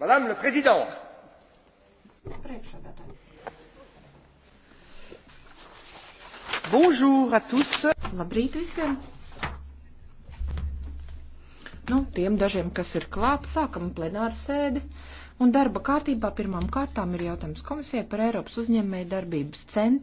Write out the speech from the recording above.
Madame le Président. Bonjour à tous. Labrīt visiem. Nu, tiem dažiem, kas ir klāt, sākam plenāru sēdi. Un darba kārtībā pirmām kārtām ir jautājums komisijai par Eiropas uzņēmēju darbības centru.